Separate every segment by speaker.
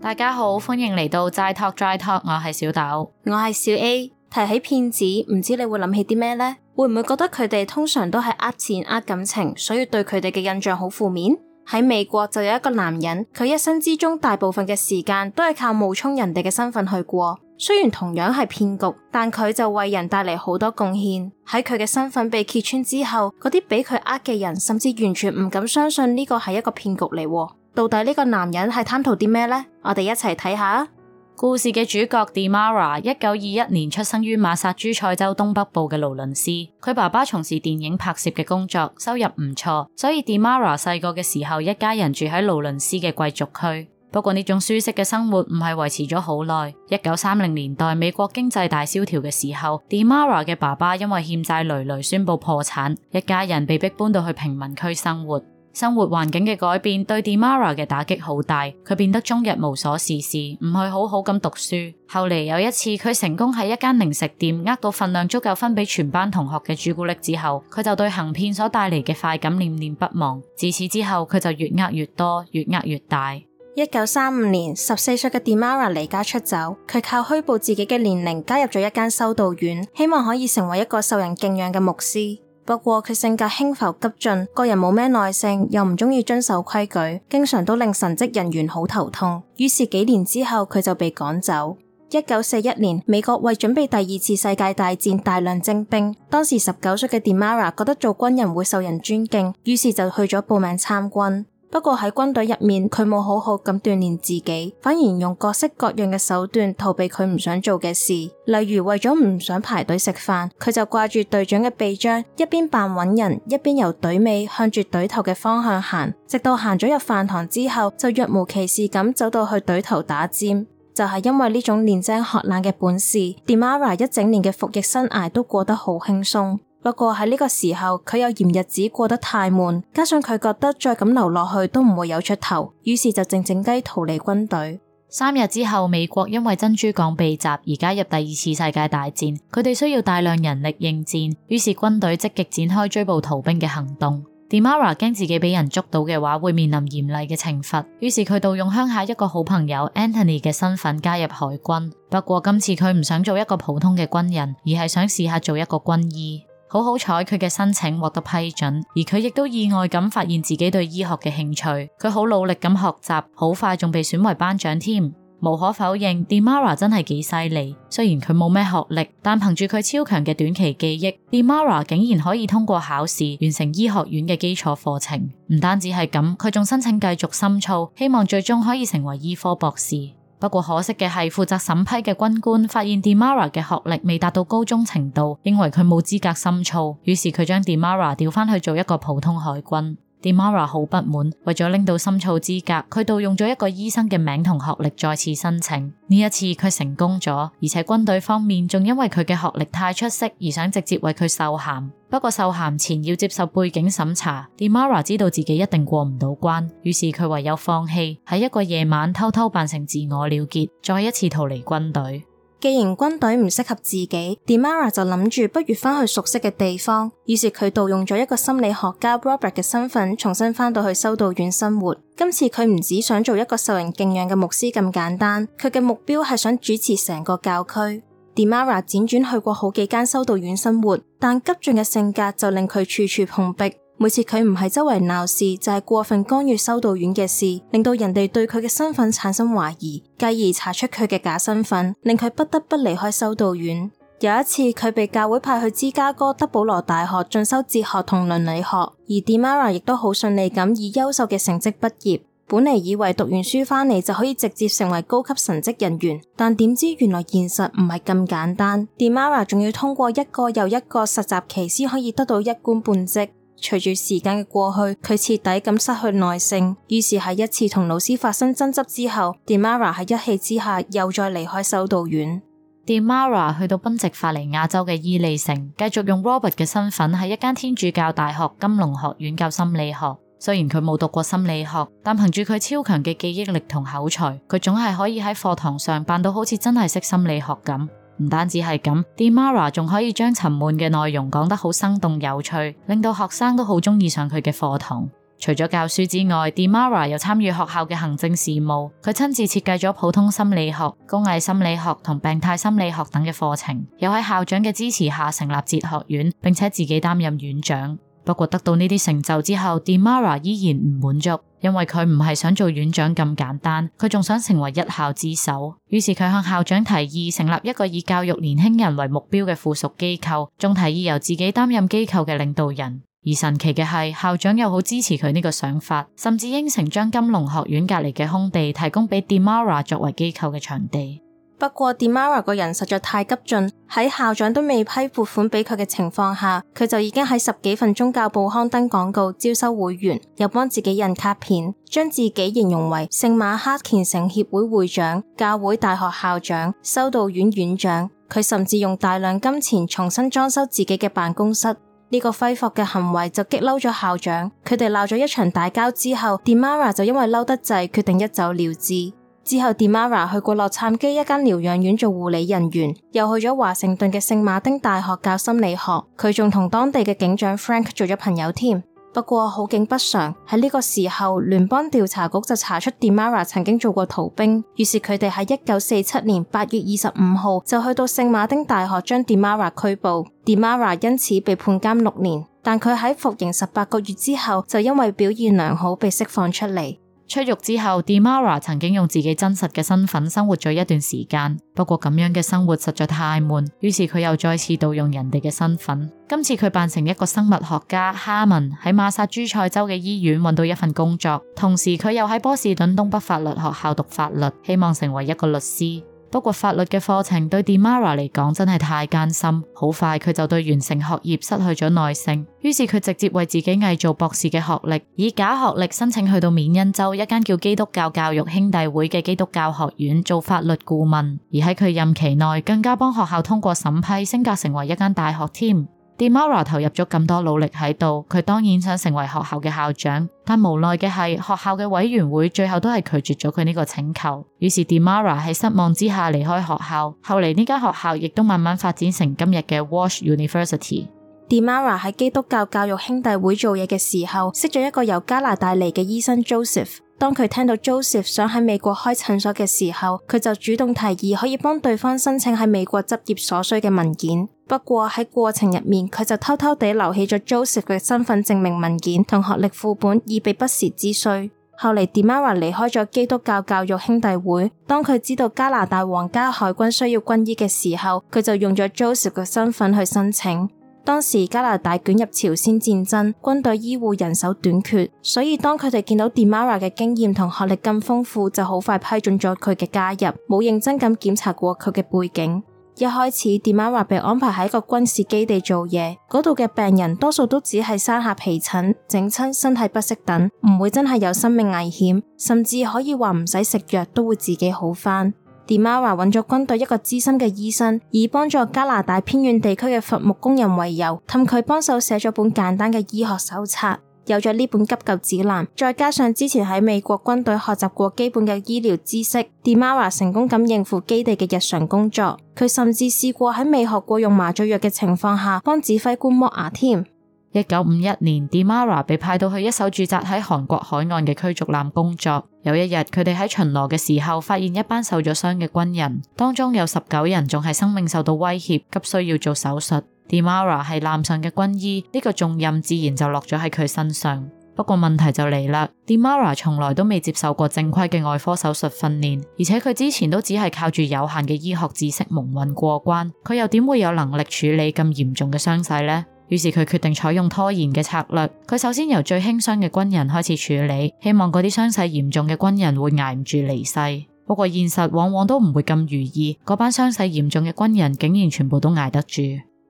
Speaker 1: 大家好，歡迎
Speaker 2: 嚟到齋 talk 齋 talk，我係小豆，我係小 A。提起騙子，唔知你會諗起啲咩呢？會唔會覺得佢哋通常都係呃錢、呃感情，所以對佢哋嘅印象好負面？喺美國就有一個男人，佢一生之中大部分嘅時間都係靠冒充人哋嘅身份去過。雖然同樣係騙局，但佢就為人帶嚟好多貢獻。喺佢嘅身份被揭穿之後，嗰啲俾佢呃嘅人甚至完全唔敢相信呢個係一個騙局嚟。到底呢個男人係貪圖啲咩呢？我哋一齊睇下。
Speaker 1: 故事嘅主角 Demara 一九二一年出生於馬薩諸塞州東北部嘅勞倫斯，佢爸爸從事電影拍攝嘅工作，收入唔錯，所以 Demara 細個嘅時候，一家人住喺勞倫斯嘅貴族區。不過呢種舒適嘅生活唔係維持咗好耐。一九三零年代美國經濟大蕭條嘅時候，Demara 嘅爸爸因為欠債累累，宣布破產，一家人被迫搬到去平民區生活。生活環境嘅改變對 Demara 嘅打擊好大，佢變得終日無所事事，唔去好好咁讀書。後嚟有一次，佢成功喺一間零食店呃到份量足夠分俾全班同學嘅朱古力之後，佢就對行騙所帶嚟嘅快感念念不忘。自此之後，佢就越呃越多，越呃越大。一
Speaker 2: 九三五年，十四歲嘅 Demara 離家出走，佢靠虛報自己嘅年齡加入咗一間修道院，希望可以成為一個受人敬仰嘅牧師。不過佢性格輕浮急進，個人冇咩耐性，又唔中意遵守規矩，經常都令神職人員好頭痛。於是幾年之後佢就被趕走。一九四一年，美國為準備第二次世界大戰大量徵兵，當時十九歲嘅 Demara 覺得做軍人會受人尊敬，於是就去咗報名參軍。不過喺軍隊入面，佢冇好好咁鍛煉自己，反而用各式各樣嘅手段逃避佢唔想做嘅事。例如為咗唔想排隊食飯，佢就掛住隊長嘅臂章，一邊扮揾人，一邊由隊尾向住隊頭嘅方向行，直到行咗入飯堂之後，就若無其事咁走到去隊頭打尖。就係、是、因為呢種練精學懶嘅本事 ，Demara 一整年嘅服役生涯都過得好輕鬆。不過喺呢個時候，佢又嫌日子過得太悶，加上佢覺得再咁留落去都唔會有出頭，於是就靜靜雞逃離軍隊。三日之後，
Speaker 1: 美國因為珍珠港被襲而加入第二次世界大戰，佢哋需要大量人力應戰，於是軍隊積極展開追捕逃兵嘅行動。迪瑪拉驚自己俾人捉到嘅話會面臨嚴厲嘅懲罰，於是佢盜用鄉下一個好朋友 Anthony 嘅身份加入海軍。不過今次佢唔想做一個普通嘅軍人，而係想試下做一個軍醫。好好彩，佢嘅申請獲得批准，而佢亦都意外咁發現自己對醫學嘅興趣。佢好努力咁學習，好快仲被選為班長添。無可否認，Demara 真係幾犀利。雖然佢冇咩學歷，但憑住佢超強嘅短期記憶，Demara 竟然可以通過考試完成醫學院嘅基礎課程。唔單止係咁，佢仲申請繼續深造，希望最終可以成為醫科博士。不過可惜嘅係，負責審批嘅軍官發現 Demara 嘅學歷未達到高中程度，認為佢冇資格深造，於是佢將 Demara 調返去做一個普通海軍。Demara 好不滿，為咗拎到深造資格，佢盜用咗一個醫生嘅名同學歷再次申請。呢一次佢成功咗，而且軍隊方面仲因為佢嘅學歷太出色而想直接為佢授銜。不過授銜前要接受背景審查，Demara 知道自己一定過唔到關，於是佢唯有放棄，喺一個夜晚偷偷扮成自我了結，再一次逃離軍隊。
Speaker 2: 既然軍隊唔適合自己，Demara 就諗住不如翻去熟悉嘅地方。於是佢盜用咗一個心理學家 Robert 嘅身份，重新翻到去修道院生活。今次佢唔只想做一個受人敬仰嘅牧師咁簡單，佢嘅目標係想主持成個教區。Demara 輾轉去過好幾間修道院生活，但急進嘅性格就令佢處處碰壁。每次佢唔係周圍鬧事，就係過分干預修道院嘅事，令到人哋對佢嘅身份產生懷疑，繼而查出佢嘅假身份，令佢不得不離開修道院。有一次，佢被教會派去芝加哥德保羅大學進修哲學同倫理學，而 Demara 亦都好順利咁以優秀嘅成績畢業。本嚟以為讀完書翻嚟就可以直接成為高級神職人員，但點知原來現實唔係咁簡單。Demara 仲要通過一個又一個實習期先可以得到一官半職。隨住時間嘅過去，佢徹底咁失去耐性，於是喺一次同老師發生爭執之後，Demara 喺一氣之下又再離開修道院。
Speaker 1: Demara 去到賓夕法尼亞州嘅伊利城，繼續用 Robert 嘅身份喺一間天主教大學金龍學院教心理學。雖然佢冇讀過心理學，但憑住佢超強嘅記憶力同口才，佢總係可以喺課堂上扮到好似真係識心理學咁。唔單止係咁，Demara 仲可以將沉悶嘅內容講得好生動有趣，令到學生都好中意上佢嘅課堂。除咗教書之外，Demara 又參與學校嘅行政事務，佢親自設計咗普通心理學、工藝心理學同病態心理學等嘅課程，又喺校長嘅支持下成立哲學院，並且自己擔任院長。不過得到呢啲成就之後，Demara 依然唔滿足，因為佢唔係想做院長咁簡單，佢仲想成為一校之首。於是佢向校長提議成立一個以教育年輕人為目標嘅附屬機構，仲提議由自己擔任機構嘅領導人。而神奇嘅係，校長又好支持佢呢個想法，甚至應承將金龍學院隔籬嘅空地提供俾 Demara 作為機構嘅場地。
Speaker 2: 不過 Demara 個人實在太急進，喺校長都未批撥款俾佢嘅情況下，佢就已經喺十幾份宗教報刊登廣告招收會員，又幫自己印卡片，將自己形容為聖馬克虔誠協會會長、教會大學校長、修道院院長。佢甚至用大量金錢重新裝修自己嘅辦公室，呢、這個揮霍嘅行為就激嬲咗校長，佢哋鬧咗一場大交之後 Demara 就因為嬲得滯，決定一走了之。之後，Demara 去過洛杉磯一間療養院做護理人員，又去咗華盛頓嘅聖馬丁大學教心理學。佢仲同當地嘅警長 Frank 做咗朋友添。不過好景不常，喺呢個時候，聯邦調查局就查出 Demara 曾經做過逃兵，於是佢哋喺一九四七年八月二十五號就去到聖馬丁大學將 Demara 拘捕。Demara 因此被判監六年，但佢喺服刑十八個月之後就因為表現良好被釋放出嚟。
Speaker 1: 出獄之後，Demara 曾經用自己真實嘅身份生活咗一段時間，不過咁樣嘅生活實在太悶，於是佢又再次盜用人哋嘅身份。今次佢扮成一個生物學家，哈文喺馬薩諸塞州嘅醫院揾到一份工作，同時佢又喺波士頓東北法律學校讀法律，希望成為一個律師。不過法律嘅課程對 Demara 嚟講真係太艱辛，好快佢就對完成學業失去咗耐性，於是佢直接為自己偽造博士嘅學歷，以假學歷申請去到緬因州一間叫基督教教育兄弟會嘅基督教學院做法律顧問，而喺佢任期內，更加幫學校通過審批升格成為一間大學添。Demara 投入咗咁多努力喺度，佢當然想成為學校嘅校長，但無奈嘅係學校嘅委員會最後都係拒絕咗佢呢個請求。於是 Demara 喺失望之下離開學校。後嚟呢間學校亦都慢慢發展成今日嘅 Walsh University。
Speaker 2: Demara 喺基督教教育兄弟會做嘢嘅時候，識咗一個由加拿大嚟嘅醫生 Joseph。當佢聽到 Joseph 想喺美國開診所嘅時候，佢就主動提議可以幫對方申請喺美國執業所需嘅文件。不過喺過程入面，佢就偷偷地留起咗 Joseph 嘅身份證明文件同學歷副本，以備不時之需。後嚟 Demara 離開咗基督教教育兄弟會，當佢知道加拿大皇家海軍需要軍醫嘅時候，佢就用咗 Joseph 嘅身份去申請。當時加拿大捲入朝鮮戰爭，軍隊醫護人手短缺，所以當佢哋見到 Demara 嘅經驗同學歷咁豐富，就好快批准咗佢嘅加入，冇認真咁檢查過佢嘅背景。一開始，迪瑪華被安排喺個軍事基地做嘢，嗰度嘅病人多數都只係生下皮疹、整親身體不適等，唔會真係有生命危險，甚至可以話唔使食藥都會自己好返。迪瑪華揾咗軍隊一個資深嘅醫生，以幫助加拿大偏遠地區嘅伐木工人為由，氹佢幫手寫咗本簡單嘅醫學手冊。有咗呢本急救指南，再加上之前喺美國軍隊學習過基本嘅醫療知識，Demara 成功咁應付基地嘅日常工作。佢甚至試過喺未學過用麻醉藥嘅情況下幫指揮官摩牙添。一九五一年，Demara 被派到去一艘駐紮喺韓國
Speaker 1: 海岸嘅驅逐艦工作。有一日，佢哋喺巡邏嘅時候，發現一班受咗傷嘅軍人，當中有十九人仲係生命受到威脅，急需要做手術。Demara 係艦上嘅軍醫，呢、這個重任自然就落咗喺佢身上。不過問題就嚟啦，Demara 從來都未接受過正規嘅外科手術訓練，而且佢之前都只係靠住有限嘅醫學知識蒙混過關。佢又點會有能力處理咁嚴重嘅傷勢呢？於是佢決定採用拖延嘅策略。佢首先由最輕傷嘅軍人開始處理，希望嗰啲傷勢嚴重嘅軍人會挨唔住離世。不過現實往往都唔會咁如意，嗰班傷勢嚴重嘅軍人竟然全部都挨得住。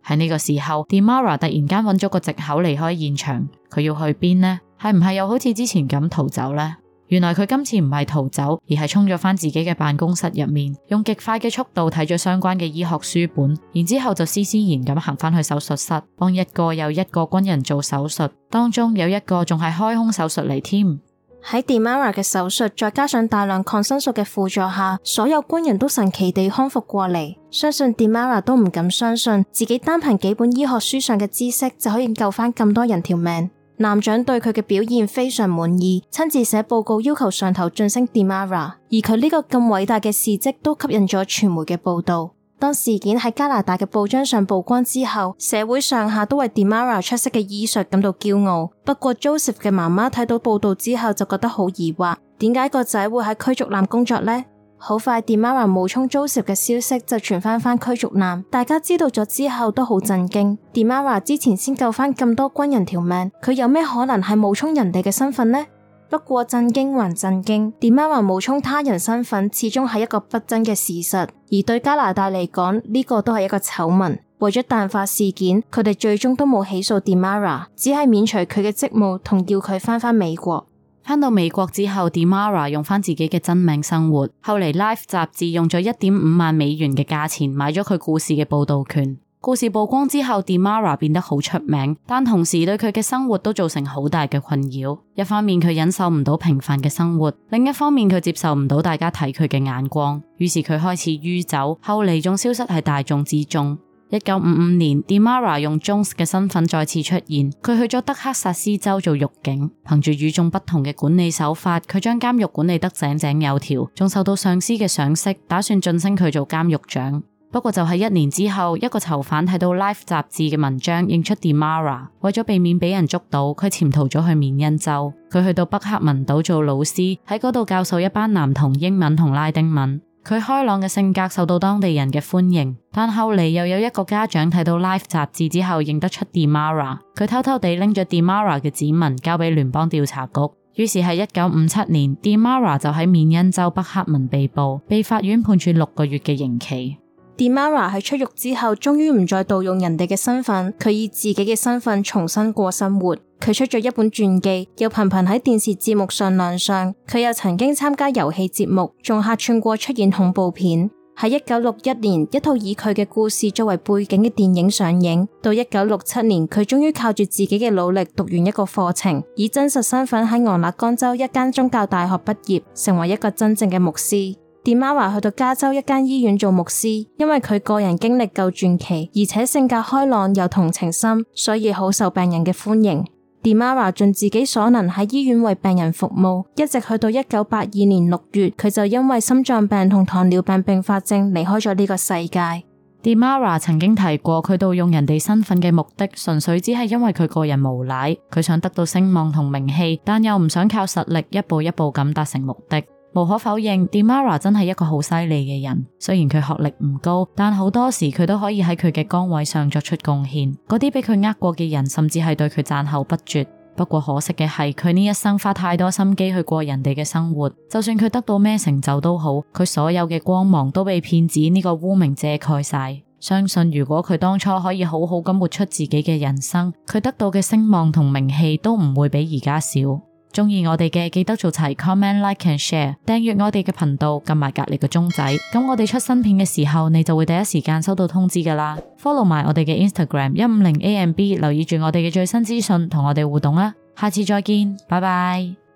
Speaker 1: 喺呢個時候，Demara 突然間揾咗個借口離開現場，佢要去邊呢？係唔係又好似之前咁逃走呢？原來佢今次唔係逃走，而係衝咗返自己嘅辦公室入面，用極快嘅速度睇咗相關嘅醫學書本，然之後就施施然咁行返去手術室，幫一個又一個軍人做手術，當中有一個仲係開胸手術嚟添。
Speaker 2: 喺 Demara 嘅手術，再加上大量抗生素嘅輔助下，所有軍人都神奇地康復過嚟。相信 Demara 都唔敢相信自己單憑幾本醫學書上嘅知識就可以救返咁多人條命。艦長對佢嘅表現非常滿意，親自寫報告要求上頭晉升 Demara，而佢呢個咁偉大嘅事蹟都吸引咗傳媒嘅報道。當事件喺加拿大嘅報章上曝光之後，社會上下都為 Demara 出色嘅醫術感到驕傲。不過 Joseph 嘅媽媽睇到報道之後就覺得好疑惑，點解個仔會喺驅逐艦工作呢？好快，Demara 冒充 Joseph 嘅消息就傳翻翻驅逐艦，大家知道咗之後都好震驚。Demara 之前先救翻咁多軍人條命，佢有咩可能係冒充人哋嘅身份呢？不過震驚還震驚，Demara 還冒充他人身份，始終係一個不爭嘅事實。而對加拿大嚟講，呢個都係一個醜聞。為咗淡化事件，佢哋最終都冇起訴 Demara，只係免除佢嘅職務，同叫佢翻返美國。
Speaker 1: 翻到美國之後，Demara 用翻自己嘅真名生活。後嚟 Life 雜誌用咗一點五萬美元嘅價錢買咗佢故事嘅報道權。故事曝光之後，Demara 變得好出名，但同時對佢嘅生活都造成好大嘅困擾。一方面佢忍受唔到平凡嘅生活，另一方面佢接受唔到大家睇佢嘅眼光，於是佢開始酗酒，後嚟仲消失喺大眾之中。一九五五年，Demara 用 Jones 嘅身份再次出現，佢去咗德克薩斯州做獄警，憑住與眾不同嘅管理手法，佢將監獄管理得井井有條，仲受到上司嘅賞識，打算晉升佢做監獄長。不過就係一年之後，一個囚犯睇到《Life》雜誌嘅文章，認出 Demara。為咗避免俾人捉到，佢潛逃咗去緬恩州。佢去到北克文島做老師，喺嗰度教授一班男童英文同拉丁文。佢開朗嘅性格受到當地人嘅歡迎。但後嚟又有一個家長睇到《Life》雜誌之後認得出 Demara。佢偷偷地拎咗 Demara 嘅指紋交俾聯邦調查局。於是係一九五七年，Demara 就喺緬恩州北黑文被捕，被法院判處六個月嘅刑期。
Speaker 2: Demara 喺出獄之後，終於唔再盜用人哋嘅身份，佢以自己嘅身份重新過生活。佢出咗一本傳記，又頻頻喺電視節目上亮相。佢又曾經參加遊戲節目，仲客串過出現恐怖片。喺一九六一年，一套以佢嘅故事作為背景嘅電影上映。到一九六七年，佢終於靠住自己嘅努力讀完一個課程，以真實身份喺俄勒岡州一間宗教大學畢業，成為一個真正嘅牧師。Demara 去到加州一間醫院做牧師，因為佢個人經歷夠傳奇，而且性格開朗又同情心，所以好受病人嘅歡迎。Demara 盡自己所能喺醫院為病人服務，一直去到一九八二年六月，佢就因為心臟病同糖尿病併發症離開咗呢個世界。
Speaker 1: Demara 曾經提過，佢到用人哋身份嘅目的，純粹只係因為佢個人無賴，佢想得到聲望同名氣，但又唔想靠實力一步一步咁達成目的。無可否認，Demara 真係一個好犀利嘅人。雖然佢學歷唔高，但好多時佢都可以喺佢嘅崗位上作出貢獻。嗰啲俾佢呃過嘅人，甚至係對佢讚口不絕。不過可惜嘅係，佢呢一生花太多心機去過人哋嘅生活。就算佢得到咩成就都好，佢所有嘅光芒都被騙子呢個污名遮蓋晒。相信如果佢當初可以好好咁活出自己嘅人生，佢得到嘅聲望同名氣都唔會比而家少。鍾意我哋嘅，記得做齊 comment like and share 訂閱我哋嘅頻道，撳埋隔籬嘅鐘仔，咁我哋出新片嘅時候，你就會第一時間收到通知㗎喇。Follow 埋我哋嘅 Instagram 一五零 AMB，留意住我哋嘅最新資訊，同我哋互動啦。下次再見，拜拜。